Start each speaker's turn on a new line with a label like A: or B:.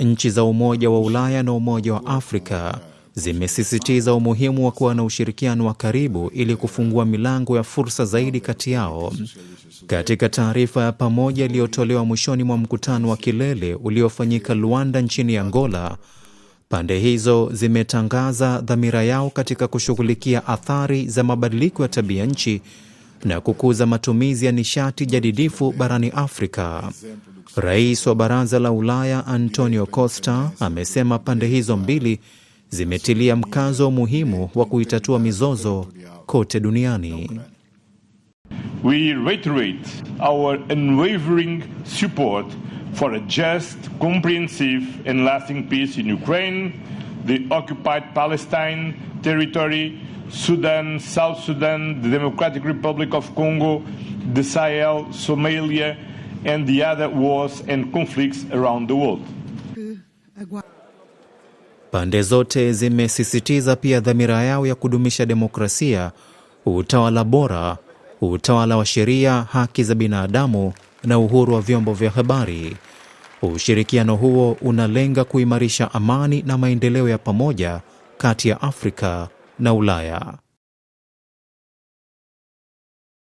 A: Nchi za Umoja wa Ulaya na Umoja wa Afrika zimesisitiza umuhimu wa kuwa na ushirikiano wa karibu ili kufungua milango ya fursa zaidi kati yao. Katika taarifa ya pamoja iliyotolewa mwishoni mwa mkutano wa kilele uliofanyika Luanda nchini Angola, pande hizo zimetangaza dhamira yao katika kushughulikia athari za mabadiliko ya tabia nchi na kukuza matumizi ya nishati jadidifu barani Afrika. Rais wa Baraza la Ulaya Antonio Costa amesema pande hizo mbili zimetilia mkazo umuhimu wa kuitatua mizozo kote duniani.
B: We reiterate our unwavering support for a just, comprehensive and lasting peace in Ukraine, the occupied Palestine territory, Sudan, South Sudan, the Democratic Republic of Congo, the Sahel, Somalia and the other wars and conflicts around the world.
A: Pande zote zimesisitiza pia dhamira yao ya kudumisha demokrasia, utawala bora, utawala wa sheria, haki za binadamu na uhuru wa vyombo vya habari. Ushirikiano huo unalenga kuimarisha amani na maendeleo ya pamoja kati ya Afrika na Ulaya.